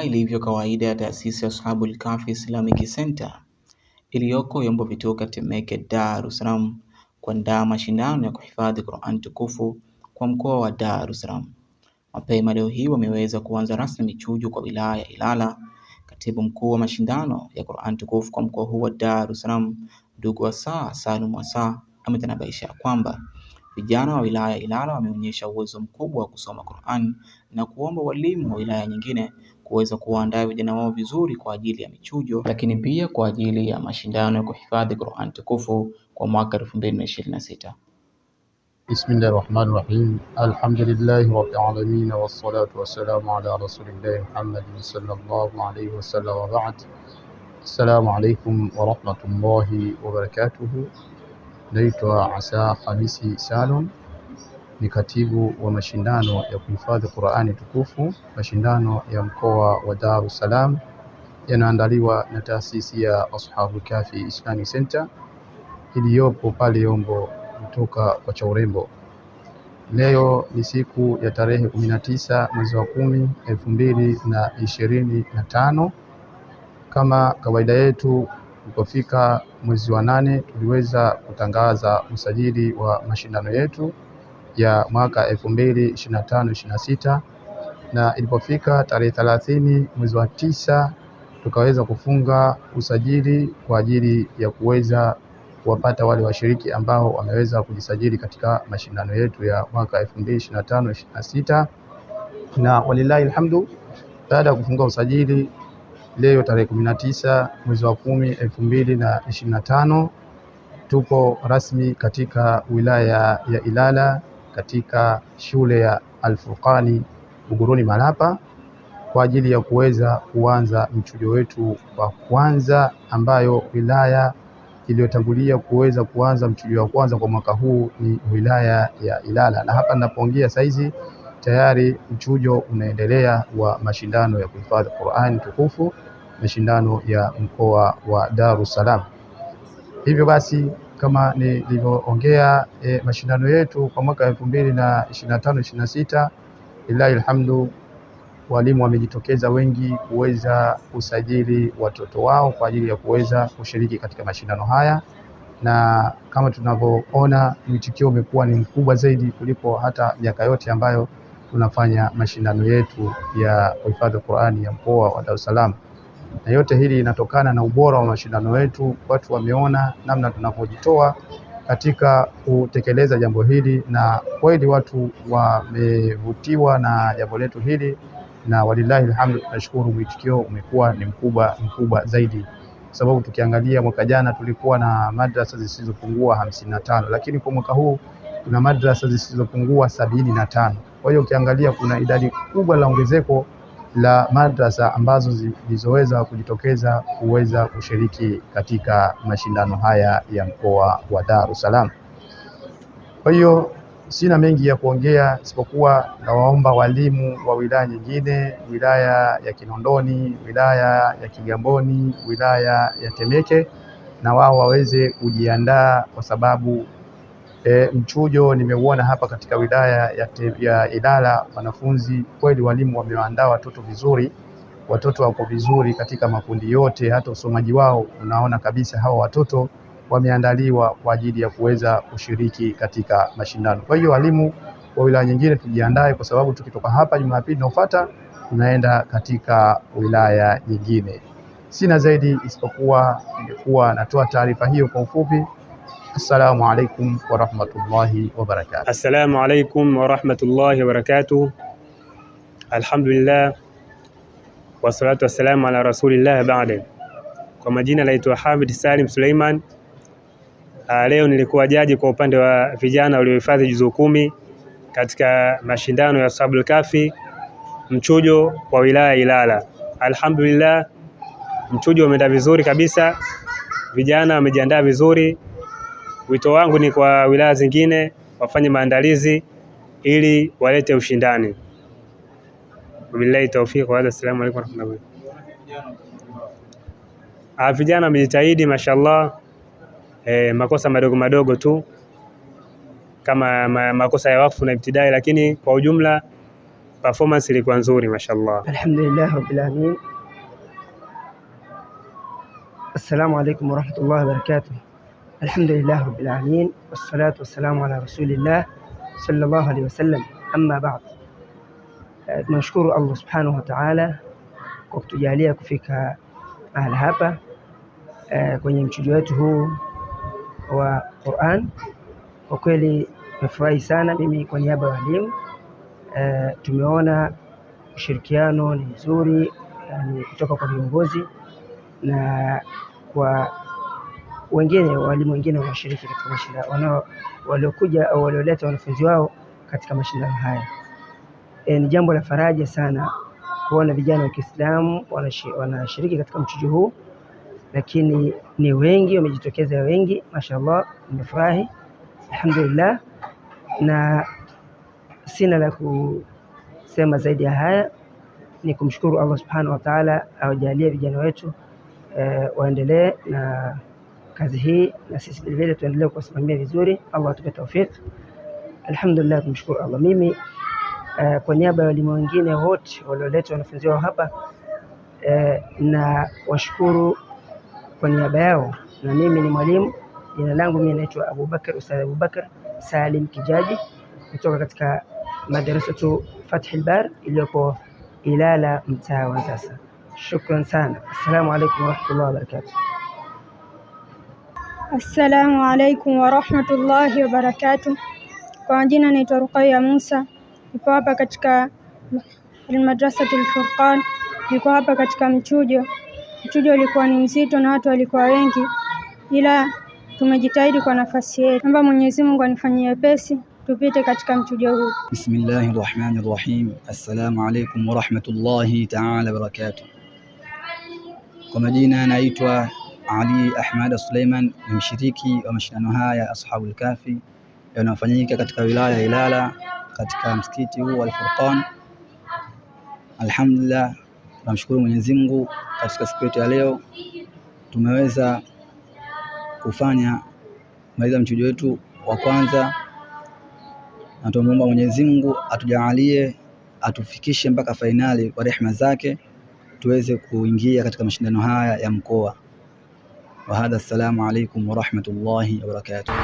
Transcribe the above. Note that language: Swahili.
Kama ilivyo kawaida ya taasisi ya Ashabul Kahfi Islamic Center iliyoko Yombo Vituka, Temeke, Dar es Salaam kuandaa mashindano ya kuhifadhi Qur'an tukufu kwa mkoa wa Dar es Salaam. Mapema leo hii wameweza kuanza rasmi michujo kwa wilaya ya Ilala. Katibu mkuu wa mashindano ya Qur'an tukufu kwa mkoa huu wa Dar es Salaam, ndugu Wasaa Salum Wasaa ametanabaisha kwamba vijana wa wilaya ya Ilala wameonyesha uwezo mkubwa wa kusoma Qur'an na kuomba walimu wa wilaya nyingine kuweza kuwaandaa vijana wao vizuri kwa ajili ya michujo, lakini pia kwa ajili ya mashindano ya kuhifadhi Qur'an tukufu kwa mwaka 2026. Bismillahir Rahmanir Rahim. Alhamdulillahi Rabbil Alamin wassalatu wassalamu ala Rasulillahi Muhammadin sallallahu alayhi wasallam wa ba'd. Assalamu alaykum wa rahmatullahi wa barakatuh. Naitwa Asa Hamisi Salum ni katibu wa mashindano ya kuhifadhi Qur'ani Tukufu. Mashindano ya mkoa wa Dar es Salaam yanaandaliwa na taasisi ya Ashabu Kafi Islamic Center iliyopo pale Yombo kutoka kwa Chaurembo. Leo ni siku ya tarehe kumi na tisa mwezi wa kumi elfu mbili na ishirini na tano. Kama kawaida yetu, ulipofika mwezi wa nane tuliweza kutangaza usajili wa mashindano yetu ya mwaka elfu mbili ishirini na ilipofika tarehe thelathini mwezi wa tisa tukaweza kufunga usajili kwa ajili ya kuweza kuwapata wale washiriki ambao wameweza kujisajili katika mashindano yetu ya mwaka mbili ishirini na walilahi alhamdu. Baada ya kufunga usajili leo tarehe kumi na tisa mwezi wa kumi elfu mbili na ishirini na tano tupo rasmi katika wilaya ya Ilala katika shule ya alfurqani Buguruni Malapa kwa ajili ya kuweza kuanza mchujo wetu wa kwanza, ambayo wilaya iliyotangulia kuweza kuanza mchujo wa kwanza kwa mwaka huu ni wilaya ya Ilala, na hapa ninapoongea saizi tayari mchujo unaendelea wa mashindano ya kuhifadhi Qur'an tukufu, mashindano ya mkoa wa Dar es Salaam. Hivyo basi kama nilivyoongea e, mashindano yetu kwa mwaka elfu mbili na ishirini na tano ishirini na sita lillahi alhamdu, walimu wamejitokeza wengi kuweza kusajili watoto wao kwa ajili ya kuweza kushiriki katika mashindano haya, na kama tunavyoona mwitikio umekuwa ni mkubwa zaidi kuliko hata miaka yote ambayo tunafanya mashindano yetu ya kuhifadhi Qur'ani ya mkoa wa Dar es Salaam na yote hili inatokana na ubora wa mashindano yetu. Watu wameona namna tunavyojitoa katika kutekeleza jambo hili, na kweli watu wamevutiwa na jambo letu hili, na walillahi alhamdu, tunashukuru mwitikio umekuwa ni mkubwa mkubwa zaidi, kwa sababu tukiangalia mwaka jana tulikuwa na madrasa zisizopungua hamsini na tano lakini kwa mwaka huu tuna madrasa zisizopungua sabini na tano Kwa hiyo ukiangalia kuna idadi kubwa la ongezeko la madrasa ambazo zilizoweza kujitokeza kuweza kushiriki katika mashindano haya ya mkoa wa Dar es Salaam. Kwa hiyo sina mengi ya kuongea isipokuwa nawaomba walimu wa wilaya nyingine, wilaya ya Kinondoni, wilaya ya Kigamboni, wilaya ya Temeke, na wao waweze kujiandaa kwa sababu E, mchujo nimeuona hapa katika wilaya ya, te, ya Ilala. Wanafunzi kweli, walimu wamewaandaa watoto vizuri, watoto wako vizuri katika makundi yote, hata usomaji wao unaona kabisa hawa watoto wameandaliwa kwa ajili ya kuweza kushiriki katika mashindano. Kwa hiyo walimu wa wilaya nyingine tujiandae, kwa sababu tukitoka hapa Jumapili inayofuata tunaenda katika wilaya nyingine. Sina zaidi isipokuwa nilikuwa natoa taarifa hiyo kwa ufupi. Assalamu alaikum warahmatullahi wabarakatuh. Assalamu alaikum wa barakatuh. Alhamdulillah wassalatu wassalamu ala rasulillah baada. Kwa majina naitwa Hamid Salim Suleiman. Ah, leo nilikuwa jaji kwa upande wa vijana waliohifadhi juzu kumi katika mashindano ya Sabul Kafi mchujo wa wilaya Ilala. Alhamdulillah mchujo umeenda vizuri kabisa, vijana wamejiandaa vizuri. Wito wangu ni kwa wilaya zingine wafanye maandalizi ili walete ushindani. Billahi taufiki wa hadha. Assalamu alaykum warahmatullahi. Ah, vijana wamejitahidi mashallah, eh, makosa madogo madogo tu kama ma, makosa ya wakfu na ibtidai, lakini kwa ujumla performance ilikuwa nzuri mashallah. Alhamdulillah rabbil alamin. Assalamu alaykum warahmatullahi wabarakatuh. Alhamdulillah rabbil alamin wassalatu wassalamu ala rasulillah sallallahu alaihi wasallam, amma baad. Eh, tunashukuru Allah subhanahu wa ta'ala kwa kutujalia kufika mahala hapa eh, kwenye mchujo wetu huu wa Qur'an. Kwa kweli nimefurahi sana mimi kwa niaba ya walimu e, tumeona ushirikiano ni mzuri kutoka kwa viongozi na kwa wengine walimu wengine wanashiriki katika mashindano waliokuja au walioleta wanafunzi wao katika mashindano haya. E, ni jambo la faraja sana kuona vijana wa Kiislamu wanashiriki katika mchujo huu, lakini ni wengi wamejitokeza, wengi mashaallah, nimefurahi alhamdulillah, na sina la kusema zaidi ya haya. Ni kumshukuru Allah subhanahu wa ta'ala, awajalie vijana wetu e, waendelee na kazi hii, na sisi vilevile tuendelee kuwasimamia vizuri. Allah atupe taufiki. Alhamdulillah, tumshukuru Allah. Mimi uh, kwa niaba ya walimu wengine wote walioleta wanafunzi wao hapa uh, eh, na washukuru kwa niaba yao, na mimi ni mwalimu, jina langu mimi naitwa Abubakar Ustadh Abubakar Salim Kijaji kutoka katika madrasatu Fathul Bar iliyopo Ilala mtaa wa sasa. Shukran sana, assalamu alaikum warahmatullahi wabarakatuh. Assalamu alaikum warahmatullahi wabarakatuh. Kwa majina naitwa Ruqayya Musa, niko hapa katika Almadrasatul Furqan, niko hapa katika mchujo. Mchujo ulikuwa ni mzito na watu walikuwa wengi, ila tumejitahidi kwa nafasi yetu. Naomba Mwenyezi Mungu anifanyie wepesi tupite katika mchujo huu. Bismillahir Rahmanir Rahim. Assalamu alaikum warahmatullahi taala wabarakatuh. Kwa majina naitwa ali Ahmad Suleiman ni mshiriki wa mashindano haya ya Ashabul Kahfi yanayofanyika katika wilaya ya Ilala katika msikiti huu Al Furqan. Alhamdulillah, tunamshukuru Mwenyezi Mungu, katika siku yetu ya leo tumeweza kufanya kumaliza mchujo wetu wa kwanza, na tunamuomba Mwenyezi Mungu atujaalie atufikishe mpaka fainali kwa rehema zake, tuweze kuingia katika mashindano haya ya mkoa. وهذا السلام عليكم ورحمة الله وبركاته